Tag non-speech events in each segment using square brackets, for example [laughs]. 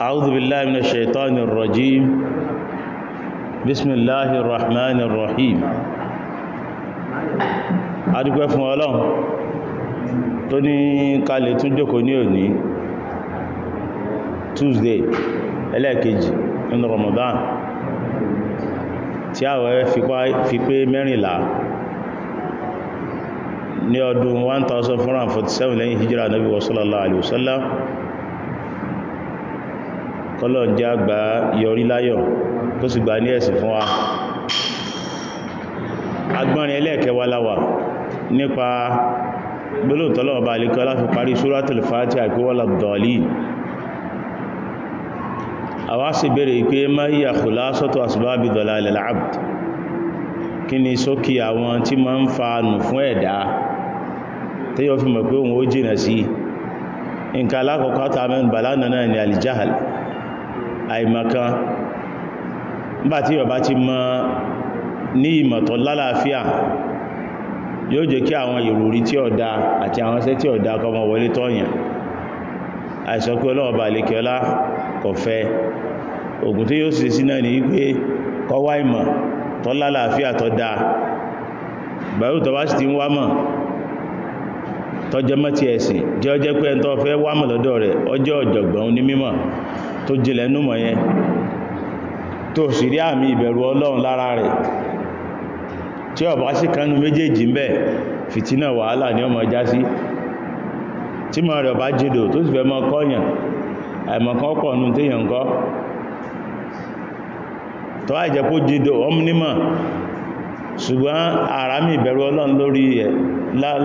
أعوذ بالله من الشيطان الرجيم بسم الله الرحمن الرحيم adúgbẹ́ fún ọlọ́run tó ní kalẹ̀ tún jókòó ní òní Tuesday ẹlẹ́ẹ̀kejì nínú Ramadan tí àwẹ̀ fi pé mẹ́rìnlá ní ọdún 1447 lẹ́yìn hijira nabi wasallallahu alaihi wasallam kọlọ̀n jẹ́ àgbà yọrí láyọ̀ tó sì gbà ní ẹ̀sìn fún wa agbọ́nrin ẹlẹ́ẹ̀kẹwà láwà nípa gbólóòtọ́lọ̀ ọba àlekọ́ láti parí suratul Fatiha àgbówọ́lá dọ̀ọ̀lì àwa sì bèèrè pé ma hiya khulasatu asbabi kí ni sókè àwọn tí ma ń fa nù fún ẹ̀dá téyàn fi mọ̀ pé òun ó jìnà sí nǹkan alákọ̀ọ́kọ́ tàbí bàlánà náà ni alìjáhàl àìmọ̀kan nígbà tí yọ̀bá ti mọ̀ ní ìmọ̀tọ̀ lálàáfíà yóò jẹ́ kí àwọn ìròrí tí ó dá àti àwọn iṣẹ́ tí ó dá kọmọ wọlé tọ́yàn àìsàn pé ọlọ́ọ̀bà àlekẹ́ọlá kò fẹ́ ògùn tí yóò sì sí náà ní wípé kọwá ìmọ̀ tọ́lálàáfíà tọ́ dáa bàrú tọ́wá sì ti ń wá mọ̀ tọ́jẹ́ mọ́tí ẹ̀sìn jẹ́ ọjẹ́ pé ẹntọ́ fẹ́ wà mọ̀ lọ́dọ̀ rẹ̀ ọjọ́ ọ̀jọ̀gbọ́n ní mímọ̀ tó jìnlẹ̀ númọ̀ yẹn tó sì rí àmì ìbẹ̀rù ọlọ́run lára rẹ̀ tí ọ̀bá sí kanú méjèèjì mbẹ̀ fìtínà wàhálà ní ọmọ já sí tí mọ̀ rẹ̀ ọba jìdò tó sì fẹ́ mọ́ kọ́yàn àìmọ̀kan pọ̀ nù téèyàn kọ́ tọ́ àìjẹ́pó jìdò ọmúnímọ̀ ṣùgbọ́n àrámì ìbẹ̀rù ọlọ́run lórí ẹ̀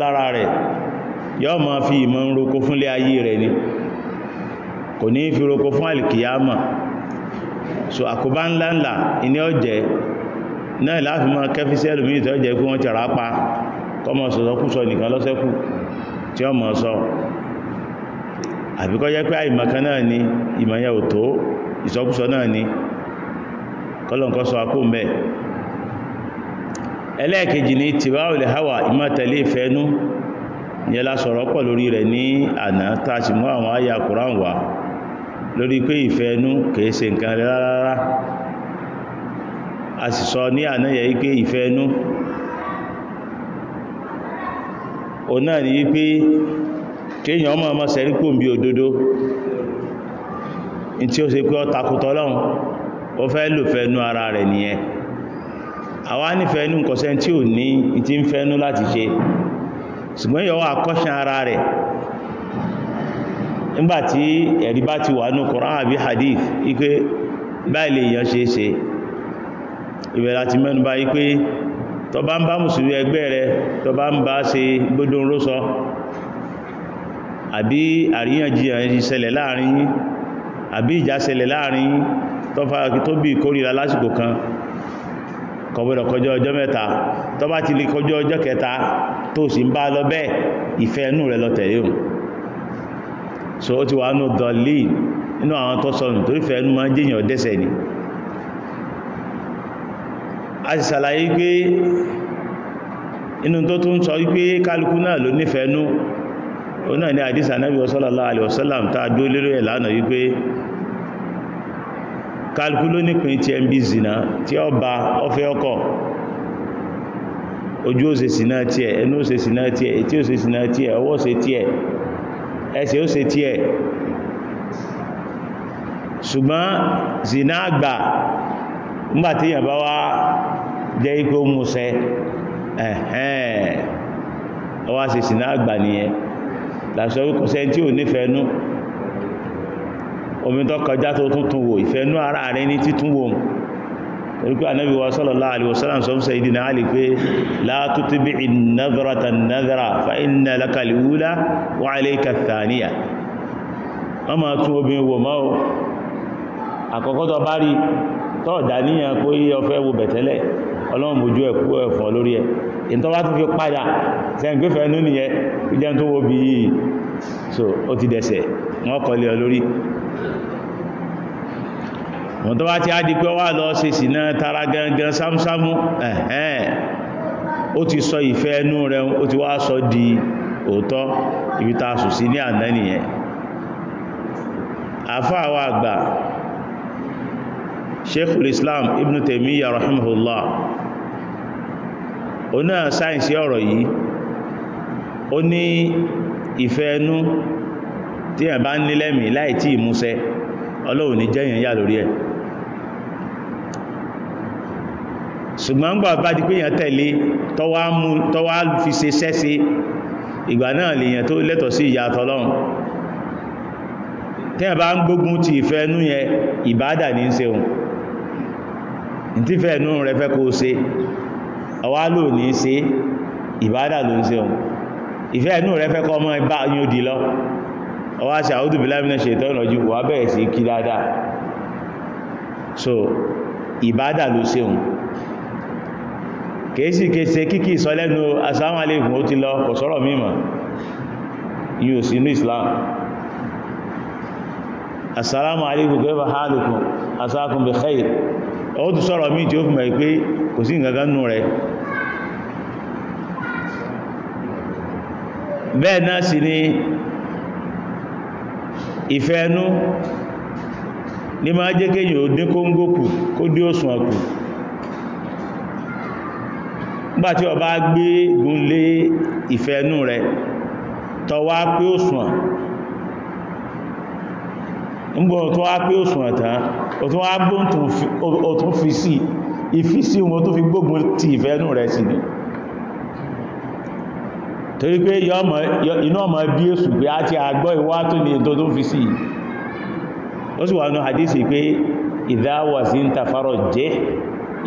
lára rẹ̀ yọ́ ma fi ìmọ̀ ń roko fúnlé ayé rẹ̀ ni kò ní fi roko fún alìkìyàmọ̀ so àkóbá ńláńlá iní ọ̀jẹ́ náà láti máa kẹfí sí ẹlòmíì tó jẹ́ pé wọ́n ti rápa kọmọ sọ̀sọ́kúsọ nìkan lọ́sẹ́kù tí ọmọ sọ àbíkọ́ jẹ́ pé àìmọ̀kan náà ni ìmọ̀yẹ ò tó ìsọkúsọ náà ni kọlọ̀nkọ́ sọ akó mẹ́ ẹlẹ́ẹ̀kejì ni tìbáwò lè ìmọ̀tẹ̀lé ìfẹ́nú yẹn la sọ̀rọ̀ pọ̀ lórí rẹ̀ ní àná tá a sì mú àwọn àyà Kùránì wá lórí pé ìfẹ́ inú kìí se nǹkan rẹ̀ rárá a sì sọ ní àná yẹ wípé ìfẹ́ inú o náà ni wípé kéèyàn ọmọ ọmọ sẹ́rí kò ń bí òdodo in tí ó ṣe pé ó takùtọ̀ ó fẹ́ lò fẹ́ inú ara rẹ̀ nìyẹn àwa nífẹ̀ẹ́ inú nǹkan sẹ́ni tí ò ní ìtí ń fẹ́ inú láti ṣe ṣùgbọ́n yọ wà kọ́ṣán ara rẹ̀ nígbàtí ẹ̀rí bá ti wà ní Qur'an àbí hadith ipé báyìí lè yàn ṣe é ṣe ìbẹ̀rẹ̀ àti mẹ́nubá ipé tó bá ń bá mùsùlùmí ẹgbẹ́ rẹ̀ tó bá ń bá ṣe gbódún kọ̀bọ̀dọ̀ kọjọ́ ọjọ́ mẹ́ta tó bá ti lè kọjọ́ ọjọ́ kẹta tó sì ń bá lọ bẹ́ẹ̀ ìfẹ́ inú rẹ̀ lọ tẹ̀lé òun so ó ti wà nù dọ̀lì inú àwọn tó sọnù torí fẹ́ inú máa ń jẹ́yàn dẹ́sẹ̀ ni a sì ṣàlàyé pé inú tó tún sọ wípé kálukú náà ló nífẹ̀ẹ́ nú ó náà ní àdísà náà bí sallallahu alaihi wasallam tá kálukú ló nípin tí ẹmbí zìnà tí ó bá ọfẹ́ ọkọ̀ ojú ó ṣe sínà tí ẹ̀ ẹnu ó ṣe sínà tí ẹ̀ etí ó ṣe sínà tí ẹ̀ ọwọ́ ṣe tí ẹ̀ ẹsẹ̀ ó ṣe tí ẹ̀ ṣùgbọ́n zìnà àgbà nígbàtí èèyàn bá wá jẹ́ ikú múṣẹ ẹ̀hẹ́n ọwá ṣe sínà àgbà nìyẹn làṣọ wípé kò tí ò nífẹ̀ẹ́ nú omi tó kọjá tó tún tún wò ìfẹ́nú ara rẹ̀ ní títún wò orípé ànábì wa sallallahu alaihi wasallam sọ sayyidina Ali pé la tutbi'i an-nadrata an-nadra fa inna laka al-ula wa alayka ọlọ́run ojú ẹ̀kú ẹ̀fọn lórí ẹ̀ ìtọ́wá tún fi padà sẹ́ǹgbẹ́fẹ́ nú nìyẹn ìjẹun tó wo bí yìí so ó ti dẹ̀sẹ̀ wọ́n kọlẹ̀ lórí àwọn tó bá ti á di pé wà lọ sí ìsìná tara gangan sámsámú ẹ̀hẹ́n ó ti sọ ìfẹ́ ẹnu rẹ̀ ó ti wá sọ di òótọ́ ibi ta sù sí ní àná nìyẹn àfáà àgbà Sheikhul Islam Ibn Taymiyyah rahimahullah ó náà sáyẹ̀nsì ọ̀rọ̀ yìí ó ní ìfẹ́ ẹnu tí ẹ̀ bá ń nílẹ̀mì láì tí ìmúṣẹ Ọlọ́run ní jẹ́yìn yà lórí ẹ̀ ṣùgbọ́n gbà bá di pé èèyàn tẹ̀lé tọ́wá fi ṣe sẹ́sẹ ìgbà náà lèèyàn tó lẹ́tọ̀ sí ìyà tọ́lọ́run tẹ́yàn bá ń gbógun ti ìfẹ́ ẹnu yẹn ìbádà ní ń seun tí fẹ́ ẹnu rẹ fẹ́ kó ṣe ọwá lò ní ṣe ìbádà ló ń seun ìfẹ́ ẹnu rẹ fẹ́ kọ́ ọmọ ibá yóò dì lọ ọwá ṣe àwúdù bí lámìnà ṣe ìtọ́nà ju wà bẹ̀rẹ̀ sí kí dáadáa so ìbádà ló seun kèésì kése kíkì ìsọlẹ́nu assalamu alaykum ó ti lọ kò sọ́rọ̀ mímọ̀ yíò sí inú islam assalamu alaykum kayfa halukum asakum bi khair ó ti sọ́rọ̀ mí tí ó fi mọ̀ pé kò sí nǹkan nù rẹ̀ bẹ́ẹ̀ náà sì ni ìfẹ́ ẹnu ní máa jẹ́ kéyìn ò dín kóńgó kó dí òsùn ọkù gbà tí ọba gbé gùn lé ìfẹ́nú rẹ̀ tọwá pé ó sùn ǹgbọ́ tó wá pé ó sùn ẹ̀tàn ó tó wá gbóhùn tó fi sí ìfísí wọn tó fi gbógun ti ìfẹ́nú rẹ̀ sí ni torí pé iná ọmọ bí èsù pé a ti àgbọ́ ìwá tó ní ètò tó fi sí ó sì wà ní hadisi pé ìdáwàsíntà farajjẹ́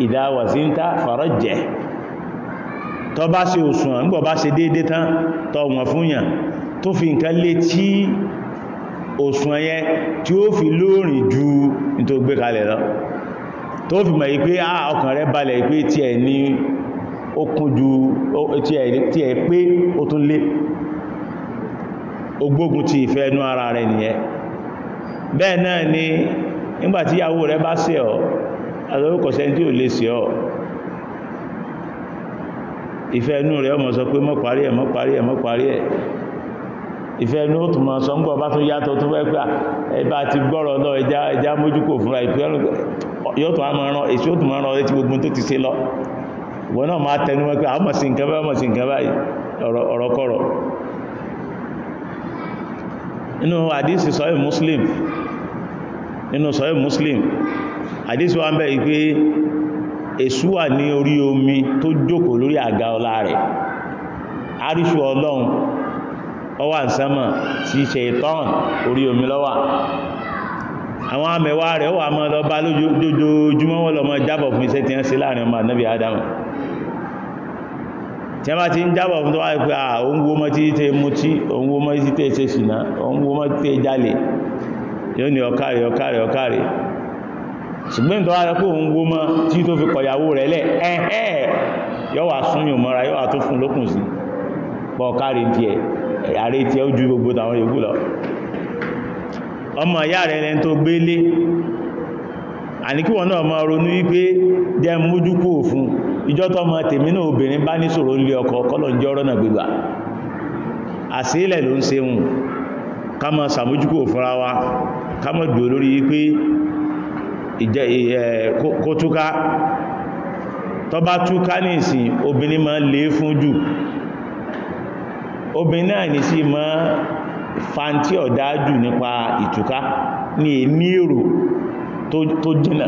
ìdáwàsíntà je. tó bá ṣe òṣùwọ̀n ń bọ̀ bá ṣe déédé tán tọ wọ̀n fún yàn tó fi nǹkan lé tí òṣùwọ̀n yẹn tí ó fi lóòrìn ju nítorí gbé kalẹ̀ lọ tó fi mọ̀ pé á ọkàn rẹ̀ balẹ̀ pé tí ẹ̀ ní ó kún ju tí ẹ̀ pé ó tún lé ogbógun ti ìfẹ́ ẹnu ara rẹ̀ nìyẹn bẹ́ẹ̀ náà ni nígbàtí ìyàwó rẹ̀ bá ṣẹ̀ ọ́ àtọ́wọ́kọ̀ṣẹ́ tí ò lè ṣẹ̀ ọ́ ìfẹ́ inú rẹ̀ ọmọ sọ pé mọ́ parí ẹ̀ mọ́ parí ẹ̀ mọ́ parí ẹ̀ ìfẹ́ inú ó tún mọ́ sọ ń gbọ́ bá tún yàtọ̀ tó fẹ́ pé ẹbá ti gbọ́rọ̀ lọ ẹja ẹja mójúkò fúnra ìpẹ́ yóò tún máa ran èsì ó tún máa ran létí gbogbo tó ti ṣe lọ ìwọ náà máa tẹnu mọ́ pé àwọn mọ̀sí nǹkan báyìí mọ̀sí nǹkan báyìí ọ̀rọ̀ kọ̀rọ̀ nínú àdísì sọ́yìn muslim nínú sọ́yìn muslim àdísì wa ń bẹ̀ pé èṣù wà ní omi tó jókòó lórí àga ọlá rẹ̀ àríṣù ọlọ́run ọwà sánmà se ṣe ìtọ́n omi lọ́wà àwọn amẹ̀wà rẹ̀ wà mọ́ lọ bá lójoojúmọ́ jábọ̀ fún iṣẹ́ tí wọ́n ṣe láàrin ọmọ ànábì adam tí a bá ti ń jábọ̀ fún tó wáyé pé à òun mọ́ tí tẹ́ mú tí òun wo mọ́ tí tẹ́ ṣe ṣìnà òun mọ́ ṣùgbọ́n tọ́wà rẹ̀ pé òun wó tí tó fi kọ̀yàwó rẹ̀ lẹ̀ ẹ̀ẹ́ yọ́wà súnyùn mọ́ra yọ́wà tó fún lókùn sí pọ̀ kárí díẹ̀ ààrẹ tí ó ju gbogbo tàwọn yòókù lọ ọmọ ìyá rẹ̀ lẹ́n tó àníkíwọ̀n náà máa ronú wípé òfin ìjọ́ tèmi náà bá ní ọkọ kọ́lọ̀ ń jẹ́ ọ̀rọ̀ náà ló ń hùn ká wa ká kó túká tó bá túká ní ìsìn obìnrin máa lè fún jù obìnrin náà ní sí máa fàntí ọ̀dá jù nípa ìtúká ní èní èrò tó jìnà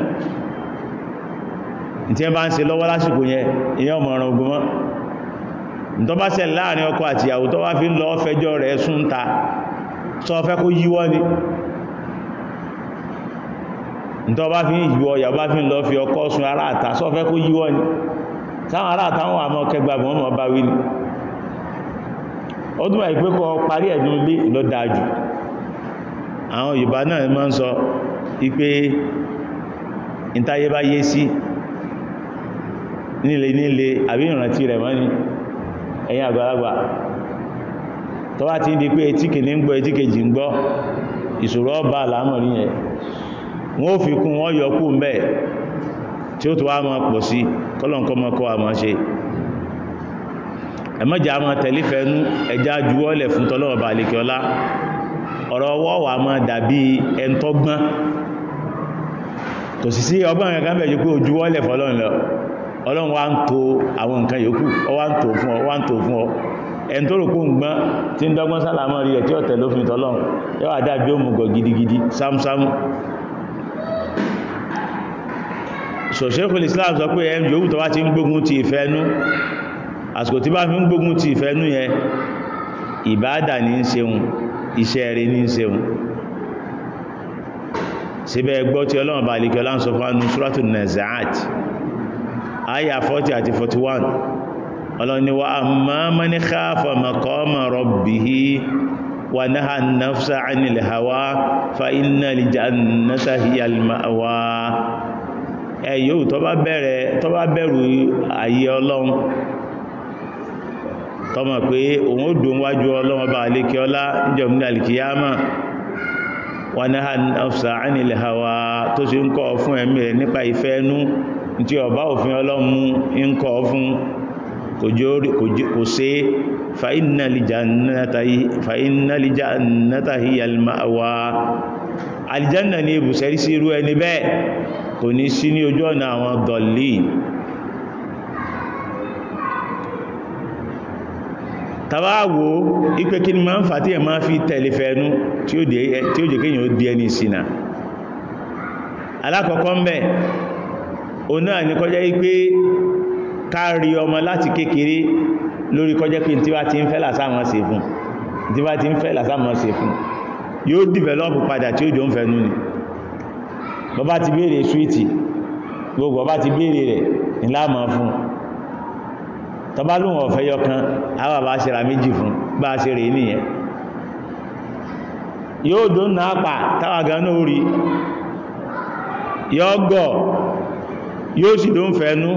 tí ẹ bá ń ṣe lọ́wọ́ lásìkò yẹn ìyẹn ọmọ ogun mọ́ tó bá ṣẹ̀ láàrin ọkọ àtìyàwó tó wá fi lọ fẹjọ́ rẹ̀ sún sọ fẹ́ kó yíwọ́ ni ntọ́ bá fi ń yíwọ yàbá fi ń lọ fi ọkọ́ sun ará àta sọ́fẹ́ kó yíwọ́ ni sáwọn ará àta wọn àmọ́ kẹgbàgbọ́n wọn bá wí ni ó kọ parí ẹ̀dùn ilé lọ jù àwọn Yorùbá náà máa ń sọ ipé ìtayé bá yé sí nílé nílé àbí ìrántí rẹ̀ mọ́ ni àgbàlagbà ti ń di pé wọ́n fi kún wọ́n yọ kú mẹ́ tí ó tó wá máa pọ̀ sí kọ́lọ̀nkọ́ máa kọ́ àmọ́ ṣe ẹ̀mọ́jà máa tẹ̀lé fẹ́nu ẹjá juwọ́lẹ̀ fún tọ́lọ́wọ́ bá lè kíọlá ọ̀rọ̀ ọwọ́ wà máa dàbí ẹntọ́gbọ́n kò sì sí ọgbọ́n kankan bẹ̀ yóò juwọ́lẹ̀ fọ́lọ́run lọ ọlọ́run wá ń to àwọn nǹkan yòókù ọ wá ń tò fún ọ wá ń tò fún ọ ẹn tó rò pó ń gbọ́n tí ń dọ́gbọ́n sálàmọ́ rí ṣòṣẹ́kùn Islam sọ pé ẹm yòówù tó bá ti ń gbógun ti ìfẹ́nú àsìkò tí bá fi ń gbógun ti ìfẹ́nú yẹn ìbáadà ní ṣeun iṣẹ́ rẹ̀ ní ṣeun síbẹ̀ gbọ́ tí ọlọ́run bá lè kí ọlọ́run sọ fánú ṣúrọ́tù Nazi'at àyà 40 àti 41 wa naha nafsa 'anil hawa fa innal jannata hiyal ma'wa ẹ̀yọ́ tó bá bẹ̀rẹ̀ tó bá bẹ̀rù ayé ọlọ́run tọmọ̀ pé òun ó dùn wájú ọlọ́run bá alékẹ́ ọlá níjọmí alìkìyàmà wọn náà ọ̀fṣà ánìlẹ̀ hawa tó ṣe ń kọ́ fún ẹ̀mí rẹ̀ nípa ìfẹ́ ẹnu tí ọba òfin ọlọ́run ń kọ́ fún kò ṣe fàínàlìjà nàtàhí alìmáwà alìjánà kò ní sí ní ojú ọ̀nà àwọn dọ̀lì tàbáwò ipé kí ni máa ń fà tí ẹ máa fi tẹ̀lé fẹ́ẹ̀nú tí ó jẹ́ kéyàn ó di ẹni ìsìnà alákọ̀ọ́kọ́ ń bẹ̀ o náà ní kọjá wípé káàrí ọmọ láti kékeré lórí kọjá pé tí wá ti ń fẹ́ làsámọ́ sí fún yóò dìvẹ́lọ́pù padà tí ó jọ ń fẹ́nu ni bọ́bá ti béèrè súwìtì gbogbo ọba ti béèrè rẹ̀ ìlàmà fún tọba lóhun ọ̀fẹ́ yọkan àwọn àbá ṣe ra méjì fún bá ṣe rẹ̀ nìyẹn yóò dún náà pà táwà gánà orí yóò gọ̀ yóò sì dún fẹ́nú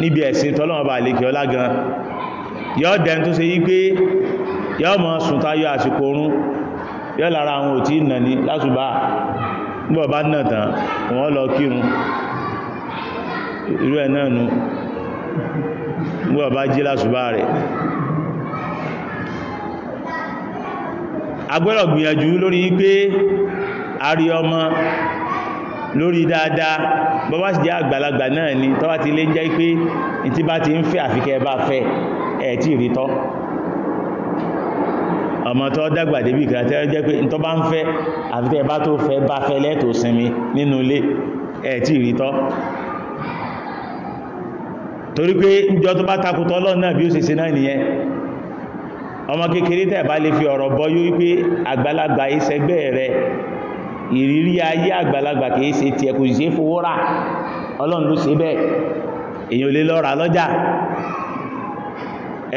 níbi ẹ̀sìn tọ́lọ́mọba àlekẹ́ ọlá gan yóò dẹ̀ tó ṣe yí pé yóò mọ̀ sùn táyọ àsìkò orún yóò lára àwọn òtí ìnà ní bọ́ bá náà tán wọ́n lọ kírun irú ẹ̀ náà nù bọ́ bá jí lásùbá rẹ̀ agbẹ́rọ̀ gbìyànjú lórí pé a rí ọmọ lórí dáadáa bọ́bá sì jẹ́ àgbàlagbà náà ni tọ́wá ti lé jẹ́ pé ìtí bá ti ń fẹ́ àfikẹ́ bá fẹ́ ẹ̀ tí ìrítọ́ ọmọ tó dàgbà débì kan tẹ́ jẹ́ pé tó bá ń fẹ́ àfitẹ́ bá tó fẹ́ bá fẹ́ lẹ́tò sinmi nínú ilé ẹ̀ tí torí pé ìjọ tó bá takùtọ́ lọ́nà náà bí ó náà nìyẹn ọmọ kékeré tẹ́ bá lè fi ọ̀rọ̀ bọ́ yóò wípé àgbàlagbà ìṣẹ́gbẹ́ rẹ ìrírí ayé àgbàlagbà kìí ṣe tiẹ̀ kò fowó rà ọlọ́run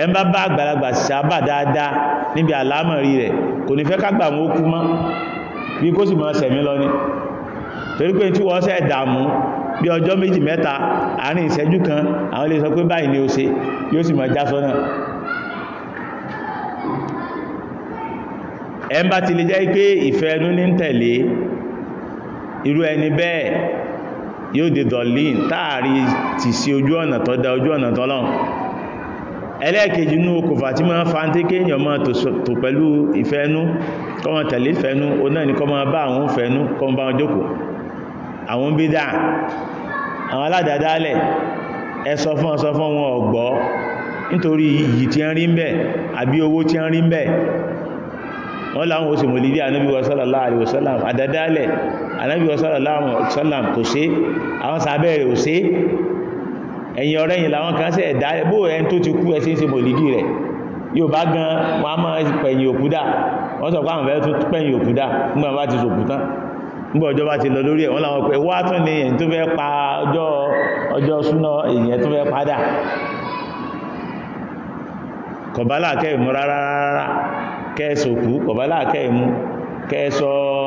ẹ ń bá bá àgbàlagbà sábà dáadáa níbi àlámọ̀rí rẹ̀ kò ní fẹ́ kágbà wọn ó kú mọ́ bí kó sì mọ́ sẹ̀mí lọ ni torí pé tí wọ́n sẹ́ dààmú bí ọjọ́ méjì mẹ́ta àárín ìṣẹ́jú kan àwọn ilé sọ pé báyìí ni ó ṣe yóò sì mọ̀ já sọ́nà ẹ ń bá ti lè jẹ́ pé ìfẹ́ ẹnu ní tẹ̀lé irú ẹni bẹ́ẹ̀ yóò dé dọ̀lín táàrí ti sí ojú ọ̀nà tó ojú ọ̀nà tọ́lọ́run ẹlẹ́ẹ̀kejì inú okùnfà tí máa ń fa tí kéèyàn máa tò pẹ̀lú ìfẹ́nú kọmọ tẹ̀lé ìfẹ́nú o náà ni kọmọ bá àwọn ìfẹ́nú kọmọ bá wọn jókòó àwọn bídà àwọn aládàdálẹ̀ ẹ sọ fún ọ sọ fún wọn ọ̀gbọ́ nítorí iyì tí ń rí ń bẹ̀ àbí owó tí ń rí ń bẹ̀ wọ́n láwọn oṣù mọ̀lìdí ànábí sallallahu alaihi wasallam àdádálẹ̀ ànábí ẹ̀yìn ọ̀rẹ́ yìí làwọn kan ṣe ẹ̀dá bó ẹni tó ti kú ẹsẹ̀ ṣe mòlídì rẹ̀ yóò bá gan wọn a máa pẹ̀yìn òkú wọ́n sọ pé àwọn fẹ́ tún pẹ̀yìn òkú nígbà bá ti sòkú tán nígbà ọjọ́ bá ti lọ lórí ẹ̀ wọ́n làwọn wá tún tó fẹ́ pa ọjọ́ ọjọ́ súná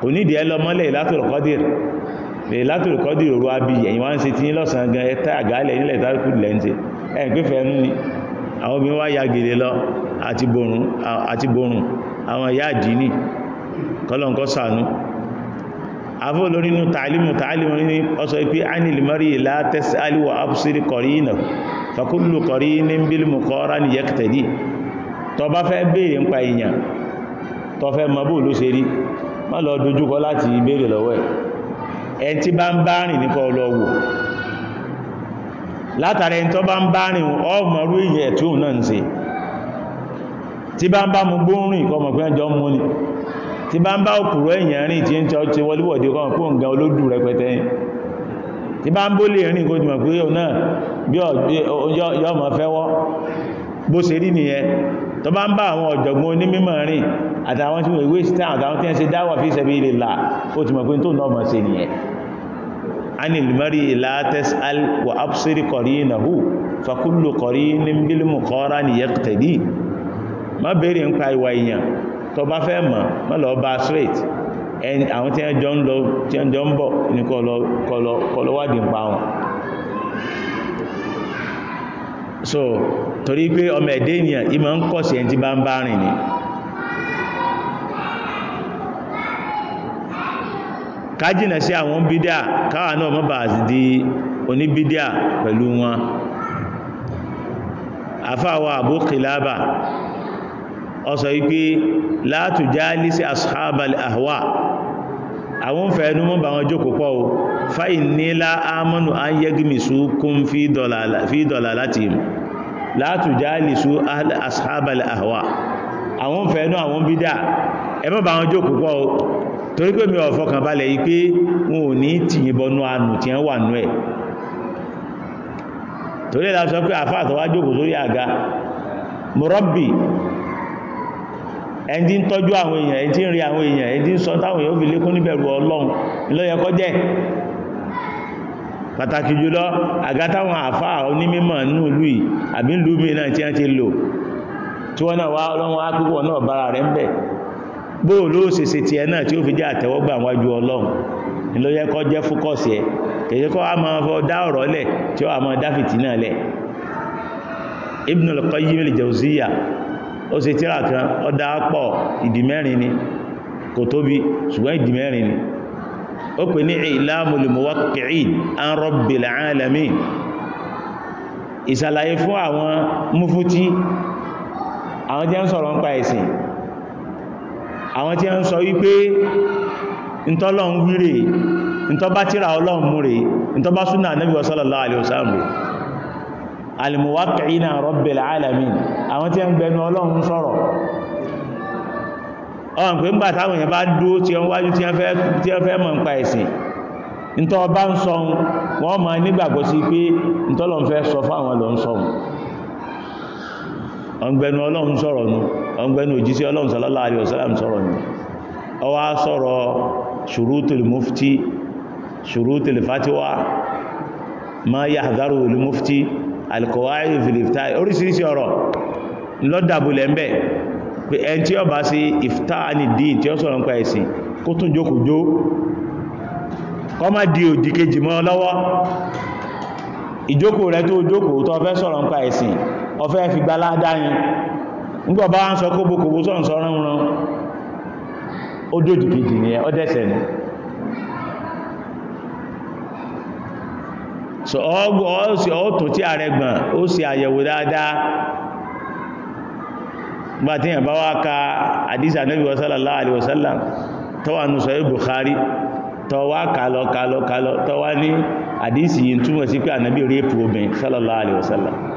kò nídìí ẹ lọ mọ́lẹ̀ ìlátòrùkọ́dìr ìlátòrùkọ́dìr òru abi ẹ̀yìn wá ń ṣe tí ní lọ́sàn gan ẹta àgálẹ̀ nílẹ̀ tárùkù lẹ́ǹtẹ̀ ẹ̀ ń pẹ́fẹ́ ẹnu ni àwọn obìnrin wá ya gèlè lọ àti borun àwọn ìyá àdínì kọ́lọ̀nkọ́ sànú afọ́ olórin inú tààlímù tààlímù ní ọsọ ipé anil mari látẹ́sí aliwọ̀ abúsírí kọ̀rí ìnà fàkúlù kọ̀rí ní bílmù kọ́ra ní yẹ́kẹ̀tẹ̀dì tó bá fẹ́ bèèrè ń pa èèyàn tó fẹ́ mọ́bù ló ṣe rí má lọ dojúkọ láti ìbéèrè lọ́wọ́ ẹ̀ ẹ̀ tí bá ń bá rìn ní kọ́ lọ́wọ́ látàrí ẹni tó bá ń bá rìn ọmọ orú ìyẹ̀ tí òun náà ń ṣe tí bá ń bá mú gbóòrìn kọmọ̀ pé ẹjọ́ mú ni tí bá ń bá òkúrò èèyàn rìn tí ń tọ́ ti wọlúwọ̀dé kọmọ̀ pé òǹgá olódù rẹpẹtẹ yìí tí bá ń bó lè rìn kó jùmọ̀ pé òun náà bí ọmọ fẹ́wọ́ bó ṣe rí nìyẹn tó bá ń bá àwọn ọ̀jọ̀gbọ́n onímọ̀ rìn àtàwọn tí wọ́n ìwé islam àtàwọn tí wọ́n ṣe dáwà fi sabilillah ó ti mọ̀ pé tó náà mọ̀ sí nìyẹn anil mari ila tas'al wa absir qarinahu fa kullu qarinin bil muqarani yaqtadi má bèèrè ń pa ìwà èèyàn tó bá fẹ́ mọ̀ má lọ bá straight ẹni àwọn tí wọ́n jọ ń bọ̀ ní kọlọ pa wọn so torí pé ọmọ ẹ̀dẹ́ ènìyàn ìmọ̀ ń kọ̀ sí ẹni tí bá ń bá rìn ni ká jìnà sí àwọn bídíà káwà náà mọ́ bàá sì di oníbídíà pẹ̀lú wọn àfáwà Abu Qilaba ọsọ wípé la tujalisi ashabal ahwa àwọn ń fẹ̀ẹ́nú mọ́ bá wọn jókòó pọ̀ o fa inni la amanu an yagmisukum fi dalalatim la tujalisu ashabal ahwa àwọn ń fẹ̀ẹ́nú àwọn bídíà ẹ má bá torí pé mi ò fọkàn balẹ̀ yìí pé wọn ò ní tìyìnbọnú ànù tí wọ́n wà nú ẹ̀ torí ẹ̀dá sọ pé àfáà tó wá jókòó sórí àga mọ́rọ́bì ẹni tí ń tọ́jú àwọn èèyàn ẹni tí ń rí àwọn èèyàn ẹni tí ń sọ táwọn èèyàn fi lékún níbẹ̀rù ọlọ́run lọ́yẹ kọ́ jẹ́ pàtàkì jùlọ àga táwọn àfáà onímọ̀ nínú ìlú yìí àbí ìlú mi náà tí wọ́n ti lò tí wọ́n náà wá ọlọ́run á púpọ̀ náà bára rẹ̀ ń bẹ̀ bóò ló ṣe ṣe ti ẹ náà tí ó fi jẹ́ àtẹ́wọ́gbà wájú ọlọ́run ni ló yẹ kó jẹ́ fókọ̀sì ẹ kèyí kó a máa fọ dá ọ̀rọ̀ lẹ̀ tí ó a máa dá fìtínà lẹ̀ Ibn al-Qayyim al-Jawziyya ó ṣe tíra kan ó dá pọ̀ ìdí mẹ́rin ni kò tóbi ṣùgbọ́n ìdí mẹ́rin ni ó pè ní I'lamul àwọn tí a ń sọ wípé ìntọ́lọ́n wírè ìntọ́bá tíra ọlọ́run mú rè ìntọ́bá súnà Ànábì sallallahu alaihi wasallam rè al-muwaqqi'ina rabbil alamin àwọn tí a ń gbẹnu ọlọ́run sọ̀rọ̀ ọ̀n pé ńgbà táwọn èèyàn bá dúó tí ó ń wájú tí ọgbẹnu ọlọ́run sọ̀rọ̀ nù ọgbẹnu òjíṣẹ́ ọlọ́run sallallahu alaihi wasallam sọ̀rọ̀ nù ọwá sọ̀rọ̀ ṣùrútùl mufti ṣùrútùl fatiwa ma yahdharu lil mufti alqawaid fil ifta oríṣiríṣi ọ̀rọ̀ lọ́dàbùlẹ̀ ìjókòó rẹ̀ tó jókòó tó fẹ́ sọ̀rọ̀ nípa ẹ̀sìn ọ̀fẹ́ fi gbaládá yìí nígbọ̀bá ń sọ kó bókòwó sọ́n sọ́rán wọn ó dòdì kejì ní ẹ ọdẹ́sẹ̀ ni so ọ́ọ̀tún tí ààrẹ gbọ̀n ó sì àyẹ̀wò dáadáa bá tí yàn wá ka àdísà Ànábì sallallahu alaihi wasallam tọ́wà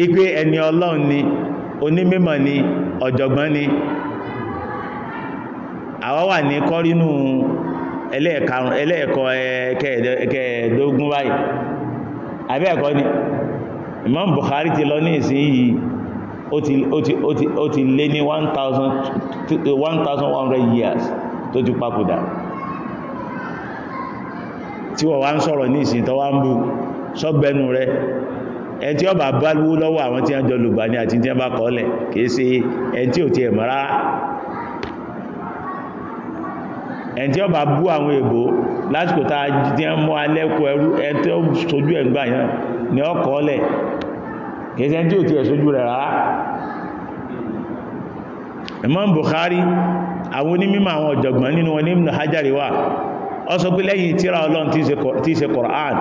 igbe ẹni ọlọ́run ni onímímọ̀ ni ọ̀jọ̀gbọ́n ni àwa wà ní kọ́rínú ẹlẹ́ẹ̀kọ́ ẹ̀kẹ́ẹ̀dógún báyìí àbí ni Imam Buhari ti lọ ní ìsìn yìí ó ti lé ní 1100 years tó ti papòdà tí wọ́n wá ń sọ̀rọ̀ ní ìsìn tó wá ń bú sọ́gbẹ́nu rẹ̀ ẹni tí ó bá bá lówó lọ́wọ́ àwọn tí wọ́n jọ lùgbà ní àti tí wọ́n bá kọ́lẹ̀ kìí ṣe ẹni tí ò ti ẹ̀mọ́ rárá ẹni tí ó bá bú àwọn èbó lásìkò tá tí wọ́n mú alẹ́kọ̀ọ́ ẹrú ẹni tí ó sojú ẹ̀gbà yẹn ni ó kọ́lẹ̀ kìí ṣe ẹni ò ti ẹ̀ sojú rẹ̀ rárá Imam Bukhari àwọn onímọ̀ àwọn ọ̀jọ̀gbọ́n nínú wọn ní Ibn Hajar wà ọ sọ pé lẹ́yìn tíra Ọlọ́run tí í ṣe Qur'an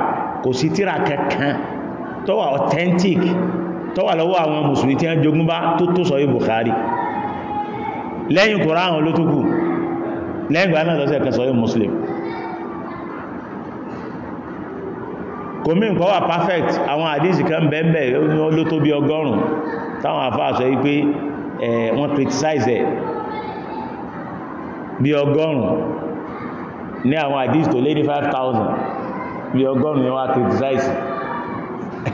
kò sí tíra kankan tó wà authentic tó wà lọ́wọ́ àwọn mùsùlùmí tí wọ́n jogún bá tó tó sọ Bukhari lẹ́yìn Kùránì àwọn olótókù lẹ́yìn ìgbà náà lọ́sẹ̀ kan sọ Muslim kò mí nǹkan wà perfect àwọn àdísì kan bẹ́ẹ̀bẹ̀ ló tó bí ọgọ́rùn táwọn àfáà sọ wípé wọ́n criticize ẹ̀ bí ọgọ́rùn ní àwọn àdísì tó lé ní 5000 bí ọgọ́rùn ni wọ́n criticize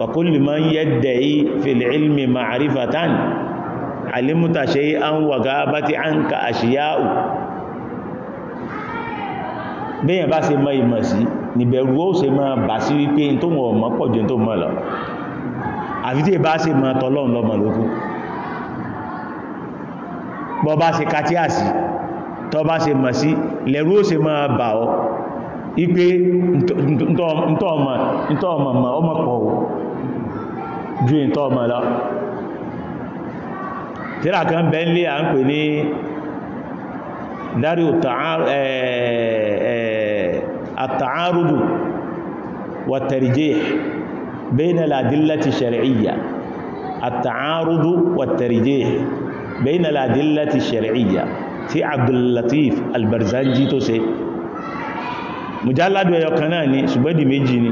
وكل من يدعي في العلم معرفة علمت شيئا وغابت عنك أشياء bẹ́yàn bá ṣe mọ̀ ìmọ̀ sí níbẹ̀rù ó ṣe máa bà sí wípé tó wọ̀n ọmọ pọ̀ jù tó mọ̀ lọ àfi tí bá ṣe máa tọ́lọ́run lọ́mọ lókú bọ́ bá ṣe katíà sí tọ́ bá ṣe mọ̀ sí lẹ́rù ó ṣe máa bà ọ́ ipé ntọ́ ọmọ ọmọ pọ̀ ju ìntọ́ ọmọ lọ tíra kan bẹ́ńlé à ń pè ní dárí àtàárùdù wàtàríjẹ́ bẹ́ẹ̀nà làdílá ti ṣẹ̀rẹ̀íyà àtàárùdù wàtàríjẹ́ bẹ́ẹ̀nà làdílá ti ṣẹ̀rẹ̀íyà tí Abdullatif Albarzanji tó ṣe mujalladu ẹyọ kan náà ni ṣùgbẹ́dì méjì ni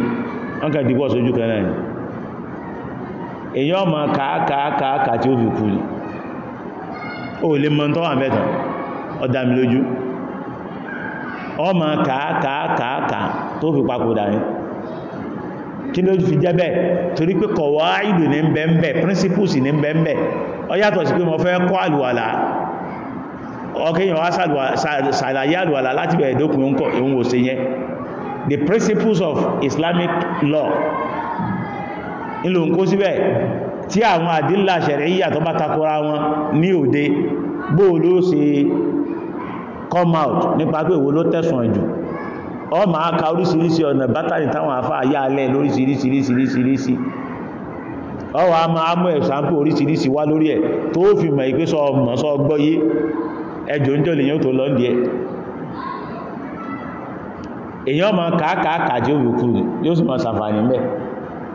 wọ́n kà dìbọ́ sójú kan ni èyí ọmọ kàákàákàá tí ó fi kú ní o lè mọ́ tọ́wà mẹ́ta ọdá mi lójú ọmọ kàákàákàá tó fi papòdà ní kí ló fi jẹ́ bẹ́ẹ̀ torí pé kọ̀wọ́ ìdù ní bẹ́ẹ̀bẹ́ principles ní bẹ́ẹ̀bẹ́ ọ yàtọ̀ sí pé mo fẹ́ kọ́ àlùwàlá ọkẹ́yàn wá sàlàyé àlùwàlá láti bẹ̀rẹ̀ dókùn ń kọ̀ ìhun òsè yẹn the principles of Islamic law nílò ń kó síbẹ̀ tí àwọn àdílà ṣẹ̀ríyà tó bá takora wọn ní òde bóò ló ṣe come out nípa pé ìwò ló tẹ̀sùn ẹ̀jù ọ ma ka oríṣiríṣi ọ̀nà bátàrí táwọn afá ayá alẹ́ lóríṣiríṣiríṣiríṣi ọwọ́ a máa mú ẹ̀sàmpù oríṣiríṣi wá lórí ẹ̀ tó fi mọ̀ ìpé sọ ọmọ sọ gbọ́yé ẹjọ́ ń jọlẹ̀ yóò èyàn ma kàákàákà jẹ́ òkú yóò sì mọ̀ sàǹfààní mẹ́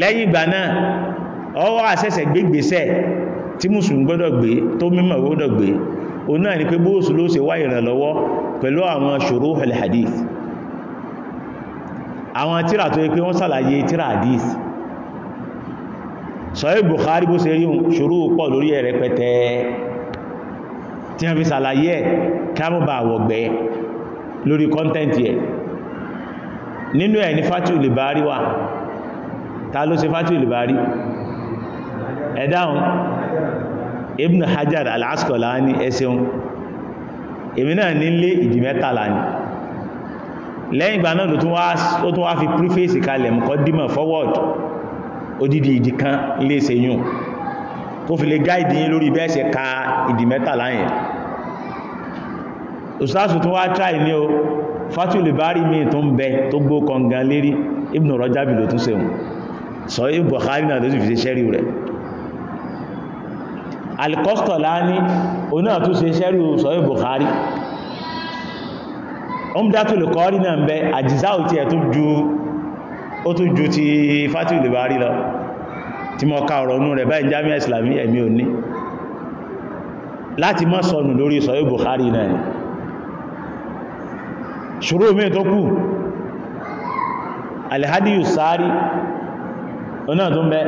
lẹ́yìn ìgbà náà ọwọ́ àṣẹ́sẹ̀ gbégbèsẹ̀ tí mùsùlùmí gbọ́dọ̀ gbé tó mímọ̀ gbọ́dọ̀ gbé o náà ni pé bóòsù ló ṣe wá ìrànlọ́wọ́ pẹ̀lú àwọn shuruh al-hadith àwọn tíra tó yẹ pé wọ́n sàlàyé tíra hadith Sahih Bukhari bó ṣe rí shuruh pọ̀ ta ló ṣe fatul bari ẹ̀dáhùn ibn hajar al-asqalani ẹsẹun èmi náà nílé ìdí mẹ́tàlá ni lẹ́yìn ìgbà náà ló tún wá fi preface kalẹ̀ mọ́kọ́ dímọ̀ forward odidi ìdí kan lè ṣe yùn tó fi lè gáìdì yín lórí bẹ́ẹ̀ṣẹ̀ ka ìdí mẹ́tàlá yẹn òṣìṣàṣù tún wá tráì ní o fatul bari mi tó bẹ tó gbó kọngan lérí ibn rajabi tún ṣeun sọ yí Bukhari náà tó sì fi ṣe ṣẹ́rí rẹ̀ Al-Qastallani oní àtú ṣe ṣẹ́rí sọ yí Bukhari Umdatul Qari náà bẹ àjíṣà ò tí ẹ̀ tó ju ti Fathul Bari lọ tí mọ́ ká ọ̀rọ̀ ọ̀nú rẹ̀ báyìí Jami'a Islamiyya ẹ̀mí ò ní láti mọ́ sọnù lórí sọ̀yí ọ̀nà tó ń bẹ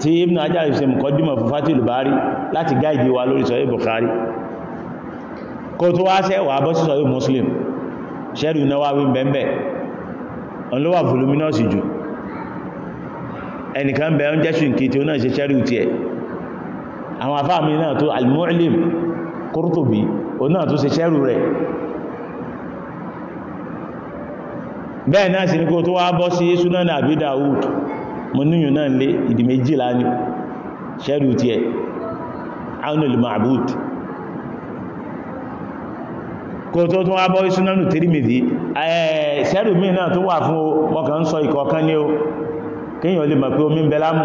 tí Ibn Hajar ṣe mọ̀kọ́dúnmọ̀ fún Fathul Bari láti gáìdì wa lórí sọ̀rọ̀ Bukhari kó tó wá sẹ́ wà bọ́ sí sọ̀rọ̀ Muslim ṣẹ́rù Nawawi bẹ́ẹ̀ ọlọ́wà voluminous jù ẹnìkan bẹ̀ ń jẹ́sù nkì tí ó náà ṣe ṣẹ́rù ti ẹ̀ àwọn afáàmì náà tó Al-Mu'lim Qurtubi ó náà tó ṣe ṣẹ́rù rẹ̀ bẹ́ẹ̀ náà sì ní kó tó wá bọ́ sí Sunan Abi Dawud mo níyùn náà lé ìdí méjìlá ní ṣẹ́rù ẹ̀ Aunul Ma'bud kó tó tó wá bọ́ sí Sunan Tirmidhi ṣẹ́rù mi náà tó wà fún ọkàn ń sọ ìkọ̀ọ̀kan ní o kéèyàn lè mọ̀ pé omi ń bẹ lámù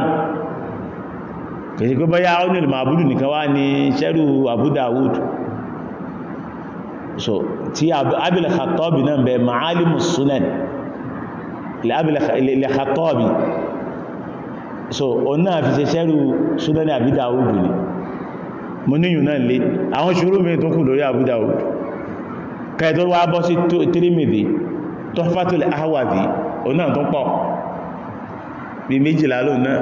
kìí bọ́yá Aunul Ma'bud nìkan wá ní ṣẹ́rù Abu Dawud so tí abil khattabi náà bẹ ma'alimus sunan ilẹ̀ khattabi so òun náà fi ṣe sẹ́rù sunan Abi Dawud ni mo níyùn náà lé àwọn ṣúrú mi tó kù lórí Abu Dawud kẹ́ẹ̀tọ́ wá bọ́ sí Tirmidhi Tuhfatul Ahwazi òun náà tó pọ̀ bí méjìlá lóun náà